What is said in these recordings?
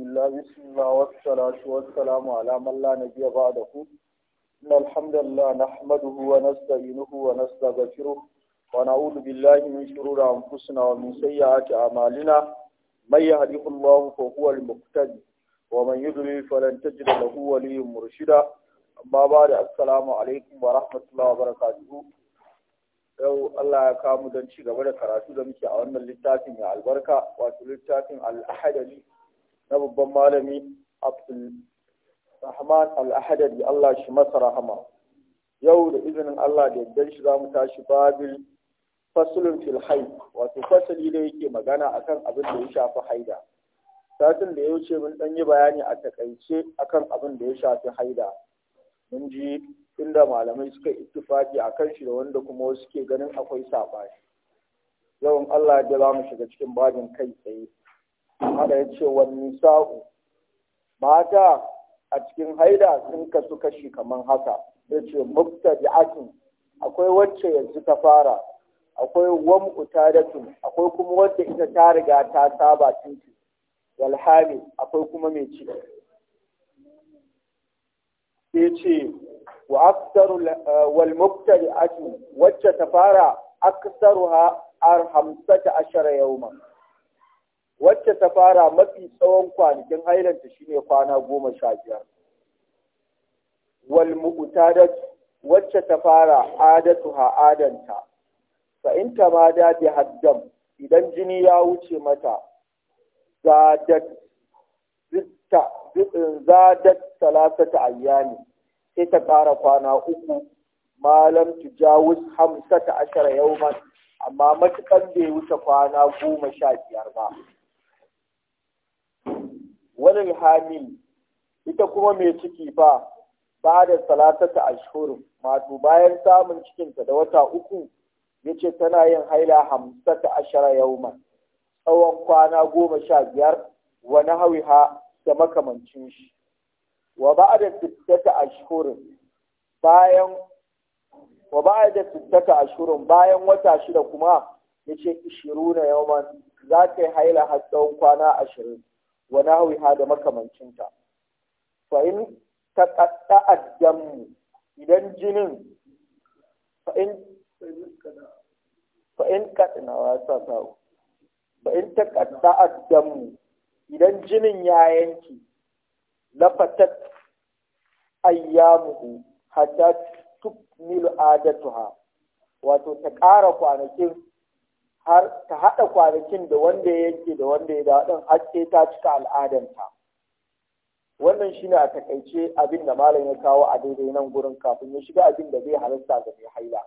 bismillah bismillah wa salatu wa salamu ala man la nabiyya ba'dahu inna alhamdulillah nahmaduhu wa nasta'inuhu wa nastaghfiruh wa na'udhu billahi min shururi anfusina wa min sayyiati a'malina Mai yahdihillahu fa huwa al-muhtadi wa man yudlil fa lan tajid da waliyyan murshida amma ba'da assalamu alaikum wa rahmatullahi wa barakatuh yau Allah ya kawo don ci gaba da karatu da muke a wannan littafin mai albarka wato littafin al-ahadali na babban malami abdul rahman al-ahadari Allah shi masa rahama yau da izinin Allah da yadda shi za mu tashi babil fasulun fil wato fasali da yake magana akan abin da ya shafi haida satin da ya wuce mun dan yi bayani a takaice akan abin da ya shafi haida mun ji inda malamai suka ittifaki akan shi da wanda kuma wasu ke ganin akwai saɓani yawan Allah ya za mu shiga cikin babin kai tsaye hada ya ce wa nisa'u mata a cikin haida sun kasu kashi kamar haka ya ce mubtadi'atun akwai wacce yanzu ta fara akwai wam'u tadatun akwai kuma wacce ita ta riga ta saba tinki walhami akwai kuma mai ci Ya ce wa aktaru eh, wal mubtadi'atu wacce ta fara aktaruha ar hamsata ashara yawman wacce ta fara mafi tsawon kwanakin hailanta shine kwana goma sha biyar wal mu'tadat wacce ta fara adatu ha adanta fa in ma haddam idan jini ya wuce mata zadat zitta zadat salasata ayyami sai ta ƙara kwana uku malam tujawuz hamsata ashara yau amma matukan bai wuce kwana goma sha biyar ba wani hamil ita kuma mai ciki fa ba da salatata ashhur wato bayan samun cikinta da wata uku yace tana yin haila hamsata ashara tsawon kwana goma sha biyar wa da makamancin shi wa ba'da sittata ashhur bayan wa ba'da sittata ashhur bayan wata shida kuma yace 20 yauman za ta yi haila har tsawon kwana ashirin wa nahwiha da makamancinta fa in taqatta'a damu idan jinin fa in fa in kadna wa ta sa'u fa in taqatta'a idan jinin ya yanki lafatat ayyamuhu hatta tukmilu adatuha wato ta ƙara kwanakin har ta haɗa kwanakin da wanda ya yanke da wanda ya daɗin har ta cika al'adanta wannan shine a takaice abin da malam ya kawo a daidai nan gurin kafin ya shiga abin da zai halasta ga mai haila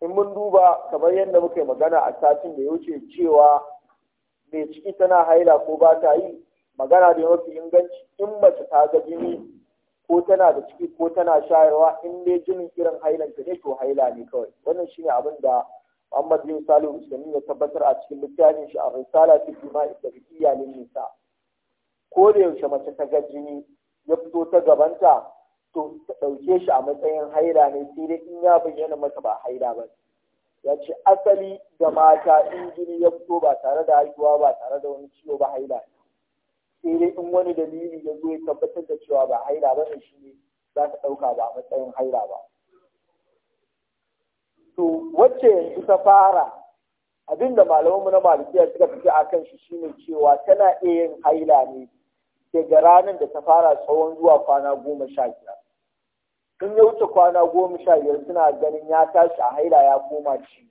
in mun duba kamar yadda muka yi magana a satin da ya wuce cewa mai ciki tana haila ko ba ta yi magana da mafi inganci in mace ta ga jini ko tana da ciki ko tana shayarwa in dai jinin irin hailanta ne to haila ne kawai wannan shine abin da Muhammad bin Salihu Usaini ya tabbatar a cikin littafin shi a risala fi jima'i da nisa ko da yaushe mace ta ga jini ya fito ta gabanta to ta ɗauke shi a matsayin haira ne sai dai in ya bayyana mata ba haira ba ya ce asali da mata in jini ya fito ba tare da haihuwa ba tare da wani ciwo ba haira sai dai in wani dalili ya zo ya tabbatar da cewa ba haira ba ne shi ne za ta ɗauka ba a matsayin haira ba to wacce yanzu ta fara abinda malamanmu na malikiya suka fi a kan shi shine cewa tana iya yin haila ne daga ranar da ta fara tsawon zuwa kwana goma sha biyar in ya wuce kwana goma sha biyar suna ganin ya tashi a haila ya koma ci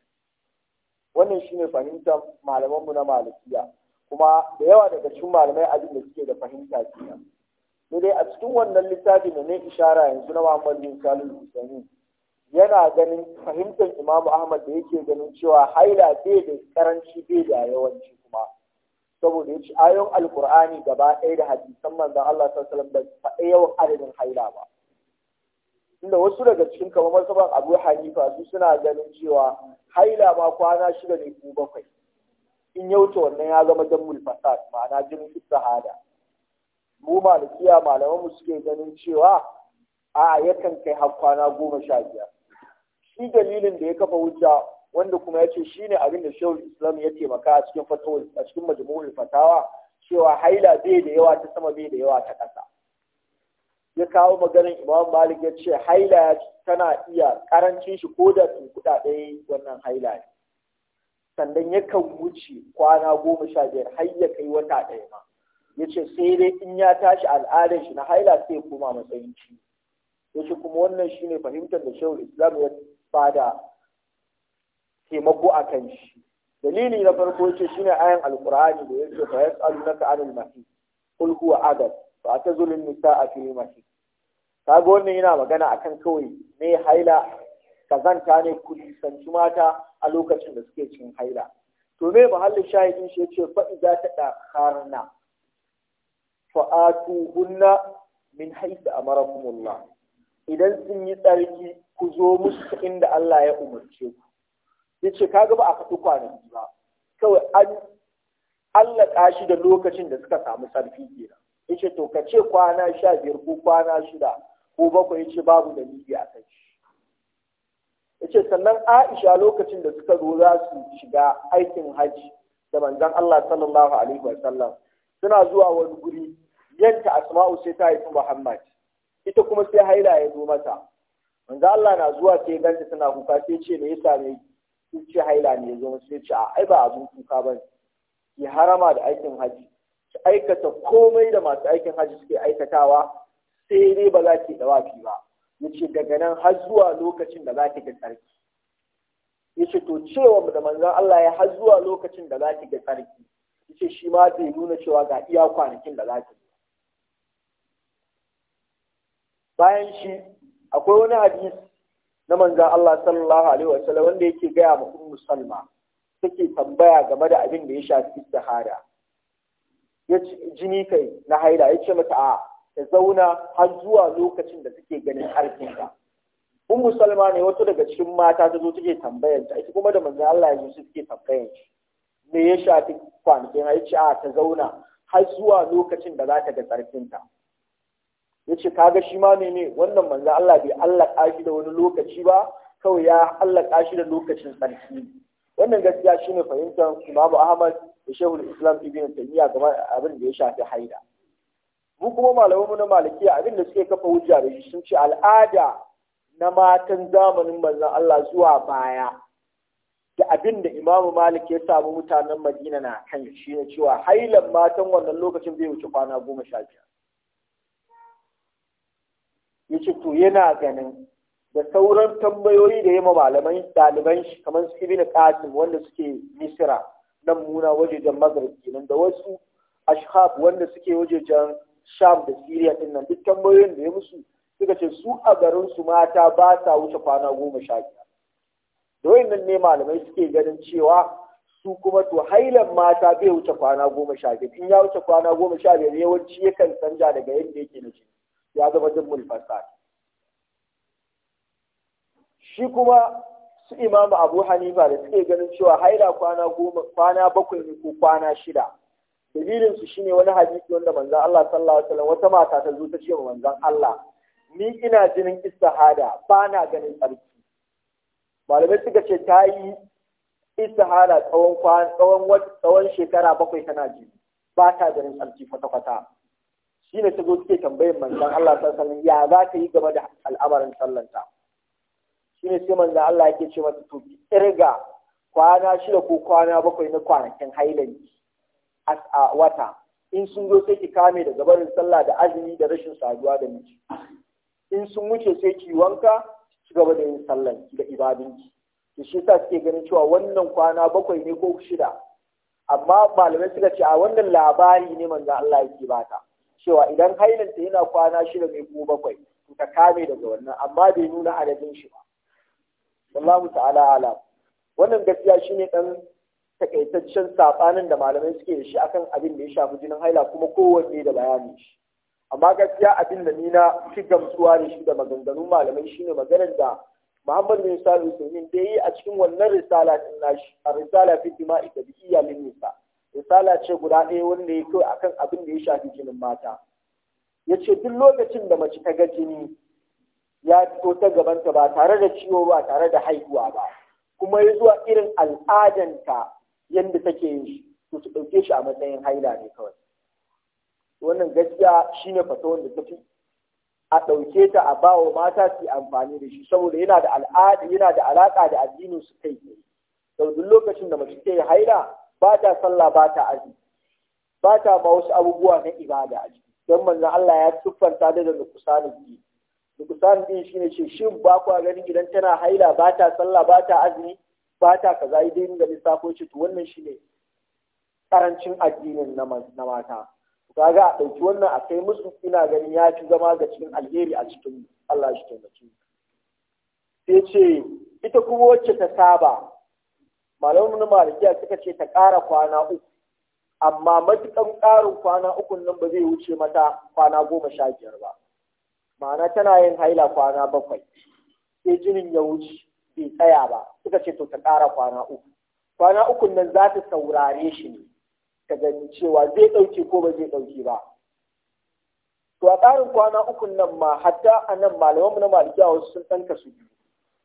wannan shine fahimtar malamanmu na malikiya kuma da yawa daga cikin malamai abin da suke da fahimta kenan Ni dai a cikin wannan littafin da ne ishara yanzu na Muhammadu bin Salim yana ganin fahimtar imamu ahmad da yake ganin cewa haila bai da karanci bai da yawanci kuma saboda ya ci ayon alkur'ani gaba ɗaya da hadisan manzon Allah sallallahu da faɗa yawan adadin haila ba inda wasu daga cikin kamar masaban abu hanifa su suna ganin cewa haila ma kwana shida ne ko bakwai in ya wuce wannan ya zama dan fasad ma'ana jin sahada mu malikiya malaman mu suke ganin cewa a yakan kai har kwana goma sha biyar shi dalilin da ya kafa hujja wanda kuma ya ce shi ne abin da shehu islam ya taimaka a cikin fatawa a cikin majmu'ul fatawa cewa haila bai da yawa ta sama bai da yawa ta ƙasa ya kawo maganin imam malik ya ce haila tana iya karancin shi ko da tunkuɗa ɗaya wannan haila ne sannan yakan wuce kwana goma sha biyar har ya kai wata ɗaya ma ya ce sai dai in ya tashi al'adar shi na haila sai ya koma matsayin shi. ya ce kuma wannan shine fahimtar da shehu islam ya ba da taimako a kan shi dalili na farko ce shine ayan alkur'ani da yake fa yas'alunaka anil masih qul huwa adab fa tazulun nisaa fil masih ga wannan yana magana akan kawai me haila kazanta ne ku nisanci mata a lokacin da suke cin haila to me mahallin shahidin shi yace fa idza tadakharna fa hunna min haythu amarakumullah idan sun yi tsarki ku zo musu inda Allah ya umarce ku yace kaga ba a faɗi kwanaki ba kawai an allaka shi da lokacin da suka samu sarfi kenan yace to ka ce kwana sha biyar ko kwana shida ko bakwai yace babu dalili a kai yace sannan Aisha lokacin da suka zo za su shiga aikin hajji da manzon Allah sallallahu alaihi wa sallam suna zuwa wani guri yanta Asma'u sai ta haifi Muhammad ita kuma sai haila ya zo mata manzo Allah na zuwa sai ganta tana kuka sai ce me yasa ne sun ce haila ne yazo sai ce a ai ba abun kuka ba ki harama da aikin haji ki aikata komai da masu aikin haji suke aikatawa sai dai ba za ki dawafi ba yace daga nan har zuwa lokacin da za ki ga tsarki yace to cewa da manzon Allah ya har zuwa lokacin da za ki ga tsarki yace shi ma zai nuna cewa ga iya kwanakin da za ki bayan shi akwai wani hadisi na manzan Allah sallallahu alaihi wasallam wanda yake gaya ma ummu salma take tambaya game da abin da ya shafi istihara ya jini kai na haila ya ce mata a ta zauna har zuwa lokacin da take ganin ka ummu salma ne wato daga cikin mata ta zo take tambayar ta ita kuma da manzan Allah ya su take tambayar shi me ya shafi kwanakin ya ce a ta zauna har zuwa lokacin da za ta ga tsarkinta ya ce kaga shi ma mene wannan manzo Allah bai allaka shi da wani lokaci ba kawai ya allaka shi da lokacin tsarki wannan gaskiya shine fahimtar Imam Ahmad da Shehul Islam Ibn Taymiyyah game abin da ya shafi haida mu kuma malamanmu na maliki abin da suke kafa hujja da shi sun ce al'ada na matan zamanin manzan Allah zuwa baya da abin da Imam Malik ya samu mutanen Madina na kan shi ne cewa hailan matan wannan lokacin bai wuce kwana goma sha biyar ya ce to yana ganin da sauran tambayoyi da ya ma daliban ɗaliban shi kamar su ibn qasim wanda suke misira nan muna wajejen maghrib kenan da wasu ashab wanda suke wajejen sham da syria din nan duk tambayoyin da ya musu suka ce su a garin su mata ba sa wuce kwana goma sha biyar da wayannan ne malamai suke ganin cewa su kuma to hailan mata bai wuce kwana goma sha biyar in ya wuce kwana goma sha biyar yawanci yakan canja daga yadda yake na jini zammul fasad shi kuma su imamu abu hanifa da suke ganin cewa haira kwana goma kwana bakwai ne ko kwana shida dalilin su shine wani hadisi wanda manzon Allah sallallahu alaihi wasallam wata mata ta zo ta ce wa manzon Allah ni ina jinin istihada ba na ganin tsarki malamai suka ce ta yi istihada tsawon tsawon shekara bakwai tana jini ba ta ganin sarki kwata-kwata shi ne ta zo suke tambayin manzan Allah sallallahu ya za ka yi game da al'amarin sallanta shi ne sai manzan Allah yake ce masa to ki irga kwana shida ko kwana bakwai na kwanakin hailanki a wata in sun zo sai ki kame da gabarin sallah da azumi da rashin saduwa da miji in sun wuce sai ki wanka ki gaba da yin sallan da ibadunki. to shi yasa suke ganin cewa wannan kwana bakwai ne ko shida amma malamai suka ce a wannan labari ne manzan Allah yake bata cewa idan hailanta yana kwana shida mai ko bakwai to ta kame daga wannan amma bai nuna adadin shi ba wallahu ta'ala ala wannan gaskiya shine dan takaitaccen sabanin da malamai suke da shi akan abin da ya shafi jinin haila kuma kowanne da bayanin shi amma gaskiya abin da ni na fi gamsuwa da shi da maganganun malamai shine maganar da Muhammad bin Salisu Usaimin da yi a cikin wannan risala din nashi a risala fi jima'i tabi'iyya lin nisa' risala ce guda ɗaya wanda ya kai akan abin da ya shafi jinin mata ya ce duk lokacin da mace ta ga jini ya fito ta gabanta ba tare da ciwo ba tare da haihuwa ba kuma ya zuwa irin al'adanta yadda take yin shi to su ɗauke shi a matsayin haila ne kawai wannan gaskiya shine wanda da fi? a ɗauke ta a bawa mata su amfani da shi saboda yana da al'ada yana da alaƙa da addinin su kai sau duk lokacin da mace ta yi haila ba ta sallah ba ta aji. ba ta ba wasu abubuwa na ibada a ciki don manzan Allah ya siffanta da da nukusanin din nukusanin din shine ce shin ba kwa ganin idan tana haila ba ta sallah ba ta azumi ba ta kaza idan ga lissafo ce to wannan shine karancin addinin na mata kaga a ɗauki wannan a kai musu ina ganin ya fi zama ga cikin alheri a cikin Allah shi taimake sai ce ita kuma wacce ta saba malamin malikiya suka ce ta ƙara kwana uku amma matukan ƙarin kwana uku nan ba zai wuce mata kwana goma sha biyar ba ma'ana tana yin haila kwana bakwai sai jinin ya wuce bai tsaya ba suka ce to ta ƙara kwana uku kwana uku nan za ta saurare shi ne ta gani cewa zai ɗauke ko ba zai ɗauke ba to a ƙarin kwana uku nan ma hatta a nan malamanmu na malikiya wasu sun ɗanka su biyu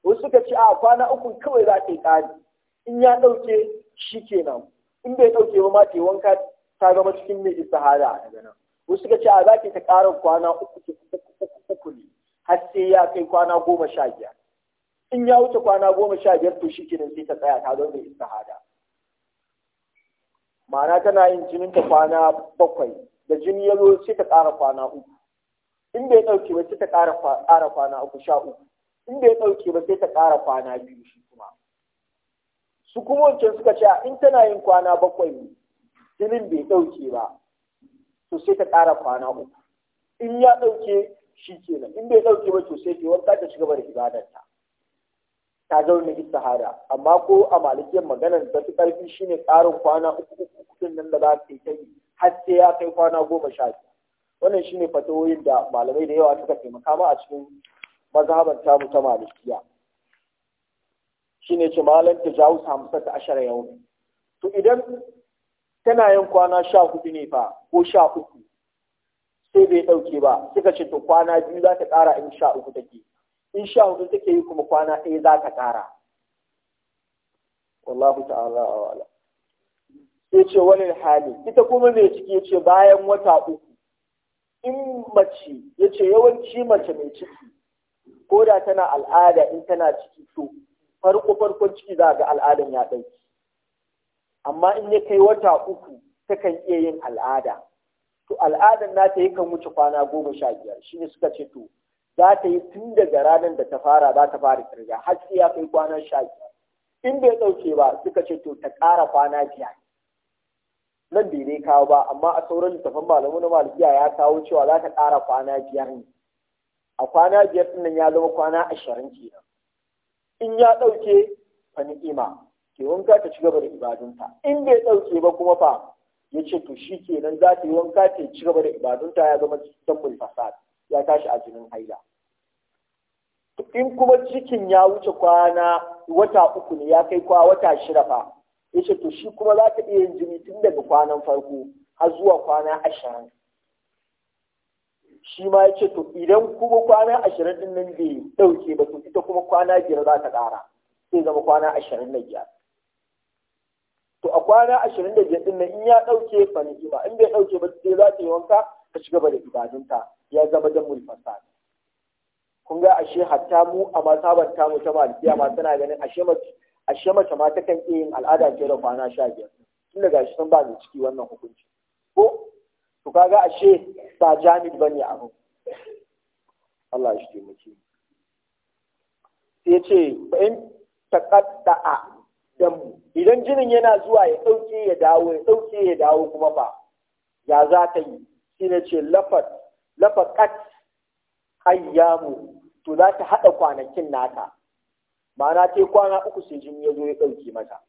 wasu suka ce a kwana uku kawai za ta yi ƙari in ya ɗauke shi kenan in bai ɗauke ba ma wanka ta zama cikin mai istihada a daga nan wasu suka ce a za ta ƙara kwana uku uku ne har sai ya kai kwana goma sha biyar in ya wuce kwana goma sha biyar to shi kenan sai ta tsaya ta zama mai istihada ma'ana tana yin jinin ta kwana bakwai da jini ya zo sai ta ƙara kwana uku in bai ɗauke ba sai ta ƙara kwana uku sha uku in bai ɗauke ba sai ta ƙara kwana biyu shi kuma su kuma wancan suka ce in tana yin kwana bakwai jinin bai ɗauke ba to sai ta ƙara kwana uku in ya ɗauke shi nan in bai ɗauke ba to sai ta wanka ta ci gaba da ibadarta ta zauna sahara amma ko a malikiyar maganar da su ƙarfi shine ƙarin kwana uku uku kuɗin nan da za ta yi ta yi har sai ya kai kwana goma sha biyu wannan shine fatawoyin da malamai da yawa suka taimaka ma a cikin mazhabar tamu ta malikiya shine ce malam ta jawo samsa ta ashara yau to idan tana yin kwana sha hudu ne fa ko sha uku sai bai ɗauke ba suka ce to kwana biyu za ta ƙara in sha uku take in sha hudu take yi kuma kwana ɗaya za ta ƙara wallahu ta'ala wala. sai ce wani hali ita kuma mai ciki ya ce bayan wata uku in mace ya ce yawanci mace mai ciki ko da tana al'ada in tana ciki to farko farkon ciki za ga al'adan ya ɗauki amma in ya kai wata uku takan iya yin al'ada to al'adan na nata yakan wuce kwana goma sha biyar shi ne suka ce to za ta yi tun daga ranar da ta fara za ta fara kirga har sai ya kai kwana sha biyar in bai ɗauke ba suka ce to ta ƙara kwana biyar nan bai dai kawo ba amma a sauran littafan malamu na malikiya ya kawo cewa za ta ƙara kwana biyar ne a kwana biyar ɗin ya zama kwana ashirin kenan in ya ɗauke fa ni'ima ke wanka ta ci gaba da ibadunta in bai ɗauke ba kuma fa ya ce to shi kenan za ta yi wanka ta ci gaba da ibadunta ya zama cikin fasad ya tashi a jinin haila in kuma cikin ya wuce kwana wata uku ne ya kai kwa wata shida fa ya ce to shi kuma za ta iya yin jini tun daga kwanan farko har zuwa kwana ashirin shi ma ya ce to idan kuma kwana ashirin din nan bai ɗauke ba to ita kuma kwana biyar za ta ƙara sai zama kwana ashirin na biyar to a kwana ashirin da biyar din nan in ya ɗauke fa ba, in bai ɗauke ba sai za ta yi wanka ta ci gaba da ibadunta ya zama dan mulfasa kun ga ashe hatta mu a masabar tamu ta malikiya ma tana ganin ashe mace ashe mace ma kan iya yin al'ada ce da kwana sha biyar tun daga shi sun ba ni ciki wannan hukunci ko to kaga ashe ba jamid a abu Allah shi taimake sai ce in damu idan jinin yana zuwa ya ɗauke ya dawo ya ɗauke ya dawo kuma ba ya za ta yi shi ne ce lafakat ayyamu to za ta haɗa kwanakin nata ma'ana ta kwana uku sai jini ya zo ya ɗauke mata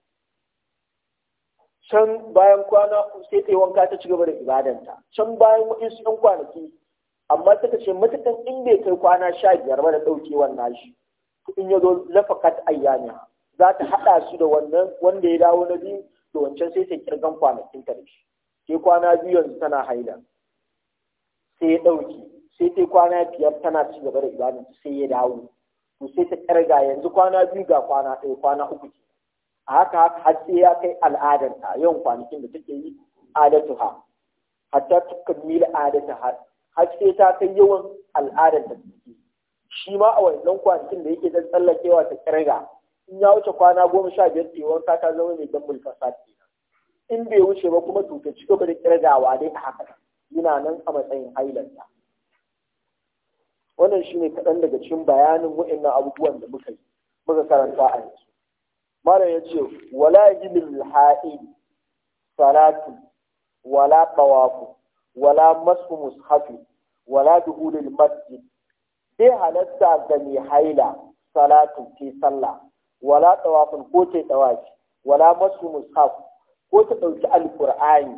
can bayan kwana sai ta yi wanka ta ci gaba da ibadanta can bayan waɗansu ɗan kwanaki amma ta ce matakan in bai kai kwana sha biyar ba da ɗauke wannan shi in ya zo lafakat ayyana za ta haɗa su da wannan wanda ya dawo na biyu da wancan sai ta kirgan kwanakin ta da shi sai kwana biyu yanzu tana haila sai ya ɗauki sai ta kwana biyar tana ci gaba da ibadanta sai ya dawo to sai ta kirga yanzu kwana biyu ga kwana ɗaya kwana uku ke. haka haka ya kai al'adarta yawan kwanakin da take yi ha hatta mil adatu ha sai ta kai yawan al'adarta take shi ma a wannan kwanakin da yake dan tsallakewa ta kirga in ya wuce kwana goma sha biyar ta wanka ta zama mai dan mulfasa in bai wuce ba kuma to ta ci gaba da kirgawa dai a haka yana nan a matsayin hailanta wannan shine kaɗan daga cikin bayanin wa'annan abubuwan da muka yi muka karanta a yanzu mara ya ce wala ilil ha'id salatu wala tawafu wala masu mushafi wala duhulil masjid sai halatta ga mai haila salatu ke sallah wala tawafin ko ce tawafi wala masu mushaf ko ta ɗauki alkur'ani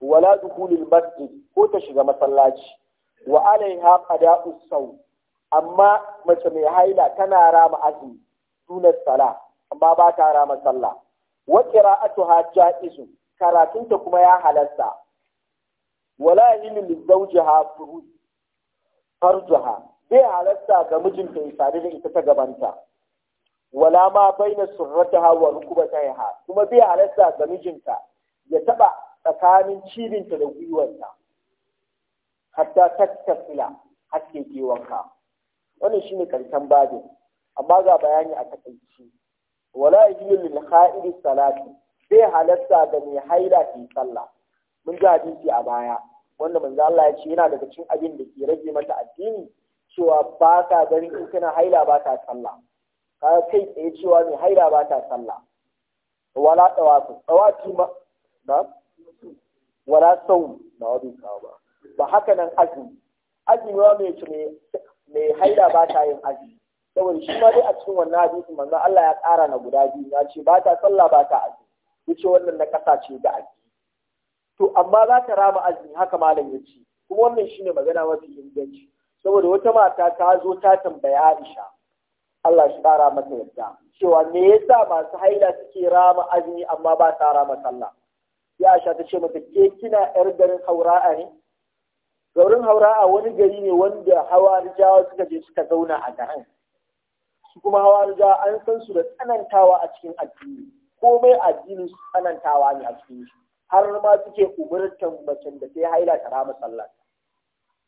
wala duhulil masjid ko ta shiga masallaci wa alaiha qada'u sau amma mace mai haila tana rama azumi sunan sala amma ba ta rama sallah wa qira'atuha ja'izu karatunta kuma ya halarta wala zawjiha furuj farjaha bai halarta ga mijinta ya sadu da ita ta gabanta wala ma baina surrataha wa rukbatayha kuma bai halarta ga mijinta ya taba tsakanin cibinta da gwiwarta hatta tattasila haske ke wanka wannan shine karshen babin amma ga bayani a takaici wala yajlu lil ha'id salati sai halatta da mai haila ki sallah mun ji hadisi a baya wanda manzo Allah ya ce yana daga cikin abin da ke rage mata addini cewa ba ka gani in kana haila ba ta sallah ka kai tsaye cewa mai haila ba ta sallah wala tawafu tawafi ma da wala sau na wani ba ba haka nan azumi azumi wa mai mai haila ba ta yin azumi saboda shi ma dai a cikin wannan hadisi manzo Allah ya ƙara na guda biyu ya ce ba ta sallah ba ta azumi yace wannan na ƙasa ce da azumi to amma za ta rama azumi haka malam ya ce kuma wannan shine magana mafi inganci saboda wata mata ta zo ta tambaya Aisha Allah shi ƙara mata yadda cewa me yasa masu haila suke rama azumi amma ba ta rama sallah ya Aisha ta ce mata ke kina yar garin Haura'a ne garin Haura'a wani gari ne wanda hawa rijawa suka je suka zauna a garin su kuma da, an san su da tsanantawa a cikin addini komai addinin su tsanantawa ne a cikin shi har ma suke umurtan macen da sai haila ta rama sallah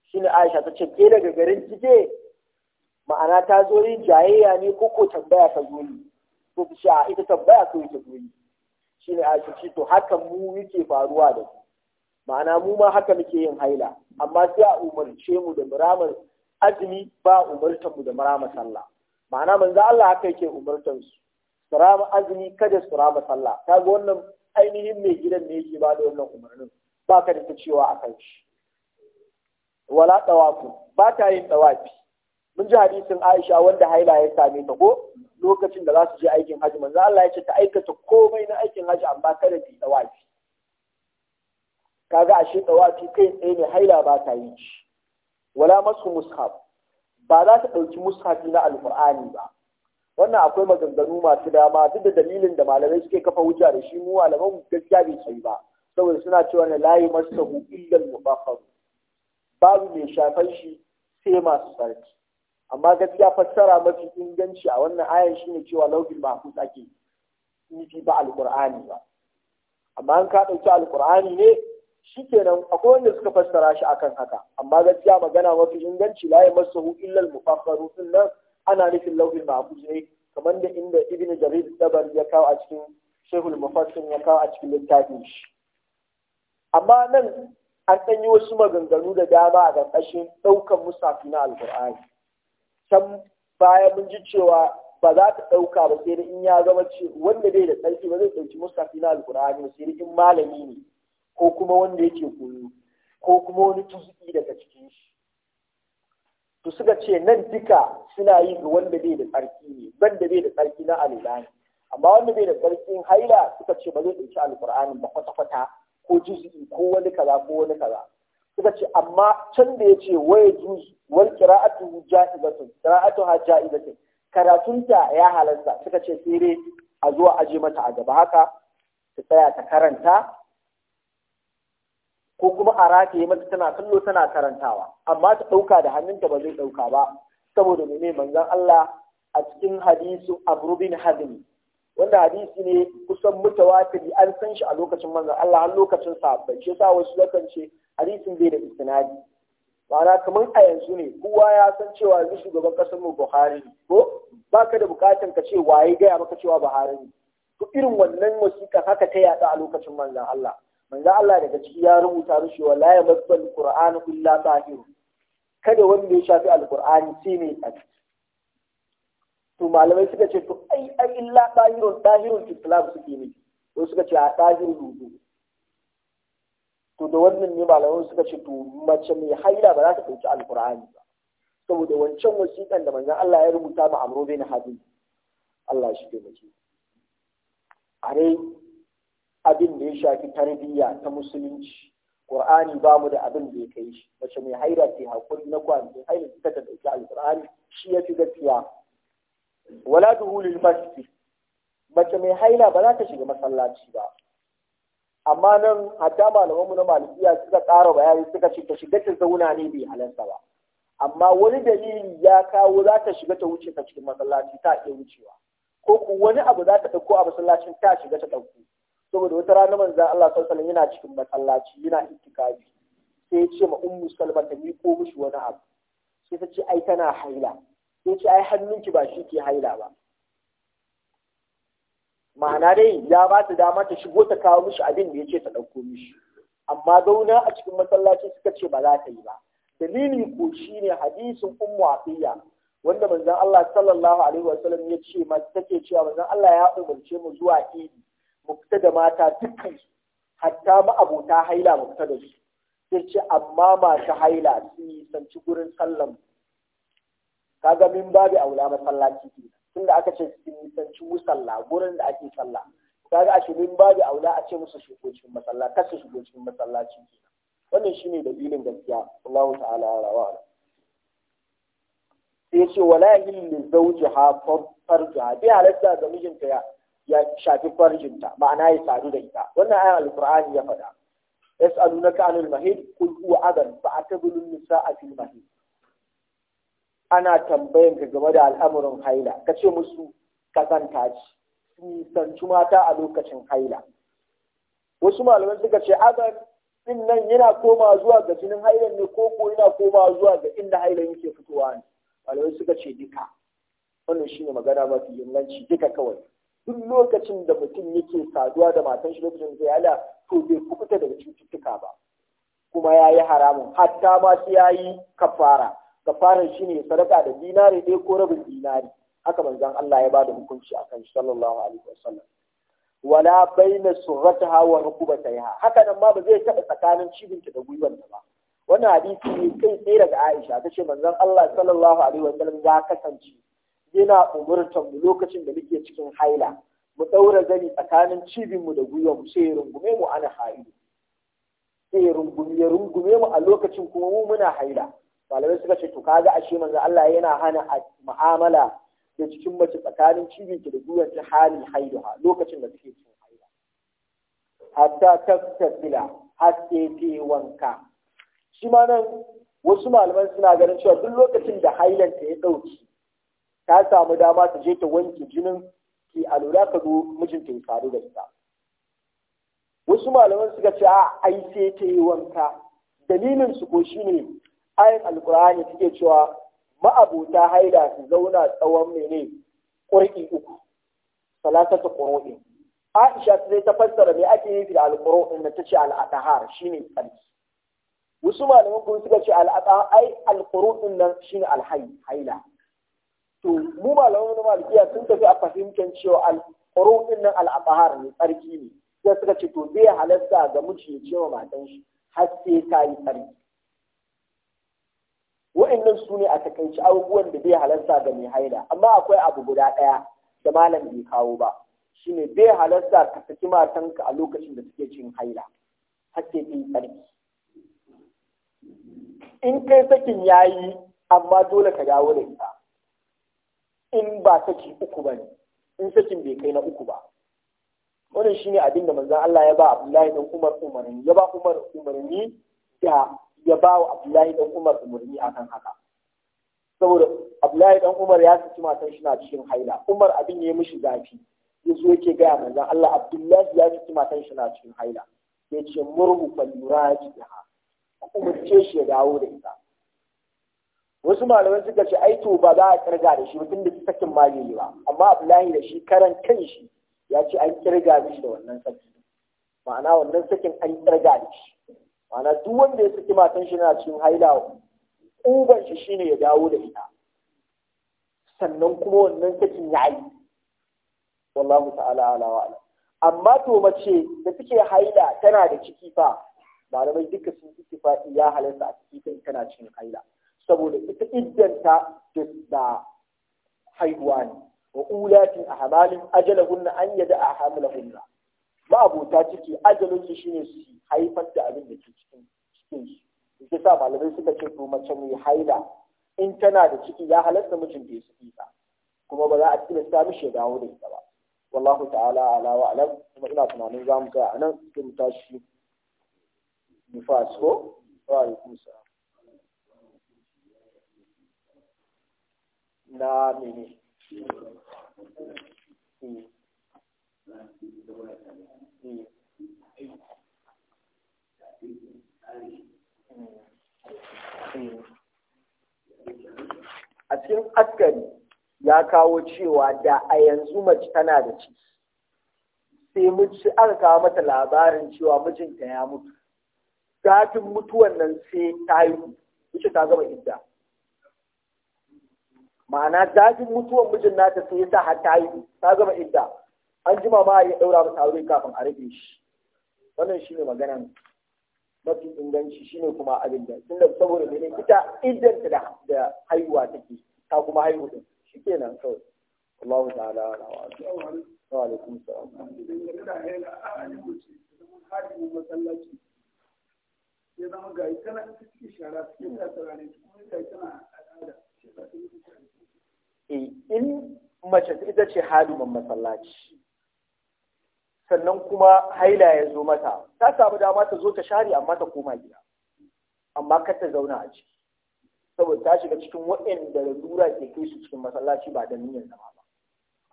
Shi ne Aisha ta ce ke daga garin kike ma'ana ta zo yin jayayya ne ko ko tambaya ta zo ni ko ta sha a ita tambaya ko ita zo ni ne Aisha ce to haka mu yake faruwa da ku ma'ana mu ma haka muke yin haila amma sai a umarce mu da muramar azumi ba umurtan mu da muramar sallah ma'ana manzo Allah haka yake umurtar su su rama azumi kada su rama sallah kaga wannan ainihin mai gidan ne yake ba da wannan umarnin ba ka da ta cewa a kan shi wala tawafu ba ta yin tawafi mun ji hadisin Aisha wanda haila ya same ta ko lokacin da za su je aikin haji manzo Allah ya ce ta aikata komai na aikin haji amma kada ta yi tawafi kaga ashe tawafi kai tsaye ne haila ba ta yi shi wala masu mushaf ba za ta ɗauki mushafi na alƙur'ani ba wannan akwai maganganu masu dama duk da dalilin da malamai suke kafa hujja da shi mu malaman gaskiya bai sai ba saboda suna cewa na layi masahu illal mutahhar babu mai shafan shi sai masu sarki amma gaskiya fassara mafi inganci a wannan ayan ne cewa laukin mahfuz ake nufi ba Alƙur'ani ba amma an ka ɗauki Alƙur'ani ne shikenan akwai wanda suka fassara shi akan haka amma gaskiya magana mafi inganci la yamassuhu illa al-mutahharu nan ana nufin lauhin mahfuz ne kamar da inda ibnu jarir dabar ya kawo a cikin shehul mufassir ya kawo a cikin littafin shi amma nan an san yi wasu maganganu da dama a ƙarƙashin ɗaukar musafi na alƙur'ani can baya mun ji cewa ba za ka ɗauka ba sai in ya zama ce wanda bai da tsarki ba zai ɗauki musafi na alƙur'ani sai in malami ne ko kuma wanda yake koyo ko kuma wani tuzuki daga cikin shi to suka ce nan duka suna yi ga wanda bai da tsarki ne banda bai da tsarki na alulani ne amma wanda bai da tsarkin haila suka ce ba zai ɗauki Alƙur'ani ba kwata-kwata ko juzu'i ko wani kaza ko wani kaza suka ce amma can da ya ce waya juzu wal qira'atu ja'ibatun qira'atu ha ja'ibatun karatunta ya halarta suka ce sai dai a zuwa aje mata a gaba haka ta tsaya ta karanta ko kuma a rataye mata tana kallo tana karantawa amma ta ɗauka da hannunta ba zai ɗauka ba saboda mene manzon Allah a cikin hadisu Abu bin Hazm wanda hadisi ne kusan mutawatiri an san shi a lokacin manzon Allah har lokacin sahabbai shi yasa wasu lokan ce hadisin bai da istinadi ma'ana kamar a yanzu ne kowa ya san cewa yanzu shugaban kasar mu Buhari ne ko baka da bukatan ka ce waye gaya maka cewa Buhari ne to irin wannan wasiƙa haka ta yaɗa a lokacin manzon Allah manzo Allah daga ciki ya rubuta mishi wa la basbal qur'an illa tahir kada wanda ya shafi alqur'ani sai ne tsaki to malamai suka ce to ai ai illa tahirun tahirun islam suke ne to suka ce a tahirun dudu to da wannan ne malamai suka ce to mace mai haila ba za ta dauki alqur'ani ba saboda wancan wasiƙan da manzo Allah ya rubuta ma Amr bin Habib Allah shi ke mace are abin da ya shafi tarbiyya ta musulunci Qur'ani ba mu da abin da ya kai shi mace mai haira ce hakuri na kwanci haira ta ta dauki alqur'ani shi ya fi gaskiya wala duhulil masjid mace mai haila ba za ta shiga masallaci ba amma nan hatta malamanmu na malikiya suka ƙara bayani suka ce ta shiga ta zauna ne bai halarta ba amma wani dalili ya kawo za ta shiga ta wuce ta cikin masallaci ta iya wucewa ko ku wani abu za ta ɗauko a masallacin ta shiga ta ɗauko saboda wata rana manzan Allah sallallahu yana cikin masallaci yana itikafi sai ya ce ma ummu salma ta ko mishi wani abu sai ta ce ai tana haila sai ya ce ai hannunki ba shi ke haila ba ma'ana dai ya ba ta dama ta shigo ta kawo mishi abin da ya ce ta ɗauko mishi amma gauna a cikin masallaci suka ce ba za ta yi ba dalili ko shine hadisin ummu afiya wanda manzon Allah sallallahu alaihi wasallam ya ce ma take cewa manzon Allah ya umarce mu zuwa idi mu fita da mata dukkan su hatta ma abota haila mu fita da su sai ce amma masu haila sun sanci gurin sallan kaga min babu aula masallaci ke tunda aka ce sun sanci musalla gurin da ake sallah kaga a shirin babu aula a ce musu shigo cikin masallaci kar su shigo cikin masallaci ke wannan shine dalilin gaskiya Allahu ta'ala ya rawa sai ce wala zauji ha farjuha bi halatta da mijinta ya ya shafi farjinta ma'ana ya sadu da ita wannan ayan alqur'ani ya faɗa yas'alunaka anil mahid qul huwa adan fa'tabulun nisa'a fil mahid ana tambayan ka game da al'amuran haila ka ce musu kazanta ce nisanci mata a lokacin haila wasu malaman suka ce adan din nan yana koma zuwa ga jinin hailan ne ko ko yana koma zuwa ga inda hailan yake fitowa ne malamai suka ce duka wannan shine magana mafi inganci duka kawai duk lokacin da mutum yake saduwa da matan shi lokacin ya to bai kubuta daga cututtuka ba kuma ya yi haramun hatta ma sai ya yi kafara kafara shi ne sadaka da dinari ɗaya ko rabin dinari haka manzon Allah ya da hukunci akan shi sallallahu alaihi wasallam wala baina surrataha wa rukubataha haka nan ma ba zai taɓa tsakanin cibinta da gwiwanta ba wannan hadisi ne kai tsaye daga Aisha ta ce manzon Allah sallallahu alaihi wasallam ya kasance yana umurtan mu lokacin da muke cikin haila mu ɗaura zani tsakanin cibinmu da gwiwa mu sai ya rungume mu ana hailu sai rungume ya rungume mu a lokacin kuma mu muna haila malamai suka ce to kaga ashe manzo Allah yana hana mu'amala da cikin mace tsakanin ki da gwiwar ta halin haiduha lokacin da take cikin haila hatta tastabila har sai ta wanka shi ma nan wasu malaman suna ganin cewa duk lokacin da hailan ta ya ɗauki ta samu dama ta je ta wanke jinin ki lura ka zo mijinta ya faru da ita wasu malaman suka ce a ai sai ta yi wanka dalilin su ko ne ayin alkur'ani suke cewa ma'abota haida su zauna tsawon mene ƙurƙi uku salatata ƙuro'i Aisha zai ta fassara me ake yi da alƙuro'in na ta ce al'adahar ne tsarki wasu malaman kuma suka ce al'adahar ai alƙuro'in nan ne alhaila to mu malaman na malikiya sun tafi a fahimtar cewa al-qurun nan al-abahar ne tsarki ne sai suka ce to zai halatta ga miji ya cewa matan shi har sai ta yi tsarki wa'annan su ne a takaici abubuwan da bai halarta ga mai haida amma akwai abu guda ɗaya da malam bai kawo ba shine bai halarta ka saki matanka a lokacin da suke cin haila har sai ta yi tsarki in kai sakin yayi amma dole ka dawo da ita in ba saki uku ba ne in sakin bai kai na uku ba wannan shine abin da manzon Allah ya ba Abdullahi dan Umar umarni ya ba Umar umarni da ya ba wa Abdullahi dan Umar umarni akan haka saboda Abdullahi dan Umar ya saki matan shi na cikin haila Umar abin ya yi mishi zafi ya zo yake gaya manzon Allah Abdullahi ya saki matan shi na cikin haila ya ce murhu fal yuraji ha umarce shi ya dawo da ita wasu malaman suka ce ai to ba za a kirga da shi mutum da sakin magani ba amma abdullahi da shi karan kan shi ya ce an kirga shi da wannan sakin. ma'ana wannan sakin an kirga da shi ma'ana duk wanda ya saki matan shi na cikin haila uban shi shine ya dawo da ita sannan kuma wannan sakin ya yi wallahu ta'ala ala wa ala amma to mace da take haila tana da ciki fa malamai duka sun ciki fa ya halarta a cikin tana cikin haila saboda ita iddanta da haihuwa ne wa ulatin ajala ajalahunna an yada ahmalahunna ba abota ciki ajalin shi ne su haifar da abin da ke cikin cikin su sa malamai suka ce to mace mai haila in tana da ciki ya halatta mijin da ya saki ta kuma ba za a tilasta mishi ya dawo da ita ba wallahu ta'ala ala wa alam kuma ina tunanin za mu ga anan sai mu tashi mu fasko wa alaikum salam na a cikin askari ya kawo cewa da a yanzu mace tana da ciki sai ci aka kawo mata labarin cewa mijinta ya mutu Kafin mutuwan nan sai ta yi wuce ta gama idda ma'ana dajin mutuwan mijin nata sai yasa har ta yi ta gama idda an jima ma ya daura masa aure kafin a rage shi wannan shine maganan mafi inganci shine kuma abin da da saboda ne ita iddan ta da haihuwa take ta kuma haihu din shikenan kawai Allahu ta'ala wa wa alaikum salam ya zama ga tana cikin shara cikin ne kuma ga tana al'ada Eh, in mace ita ce haliman masallaci sannan kuma haila ya zo mata ta samu dama ta zo ta share amma ta koma gida amma kar ta zauna a ciki saboda ta shiga cikin waɗanda lura ke kai su cikin masallaci ba da niyyar zama ba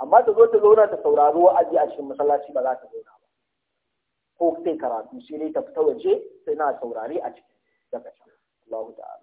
amma ta zo ta zauna ta saurari wa'azi a cikin masallaci ba za ta zauna ba ko sai karatu sai dai ta fita waje sai na saurare a cikin daga Allahu ta'ala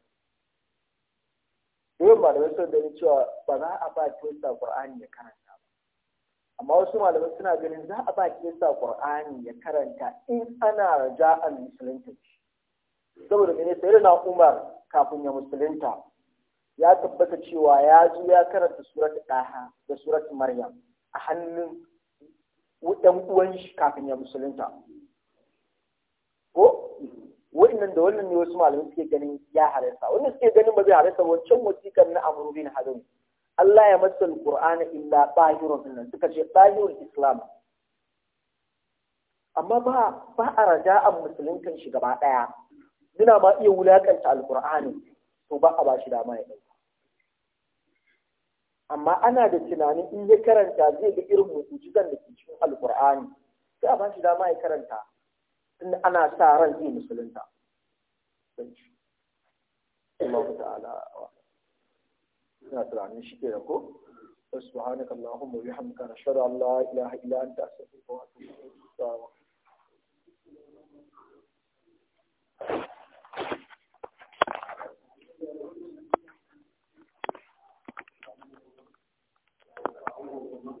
sai malamai sun gani cewa ba za a ba kirista qur'ani ya karanta ba amma wasu malamai suna ganin za a ba kirista qur'ani ya karanta in ana raja'an musulunta saboda mene sai na umar kafin ya musulunta ya tabbata cewa ya zo ya karanta surat ɗaha da surat maryam a hannun ɗan uwan shi kafin ya musulunta ko wannan da wannan ne wasu malamai suke ganin ya halarta wanda suke ganin ba zai halarta wancan wasikan na amurubin hadin Allah ya masa Alƙur'an illa bahirun nan suka ce bahirul islam amma ba ba a raja'an kan shi gaba daya muna ba iya wulakanta alqur'ani to ba a bashi dama ya dauka amma ana da tunanin in ya karanta zai ga irin mu'jizan da ke cikin alqur'ani sai a bashi dama ya karanta إن أنا سارا دي مثل أنت الله تعالى ناتل عن شكرك سبحانك اللهم وبحمدك نشهد أن لا إله إلا أنت أستغفرك وأتوب Thank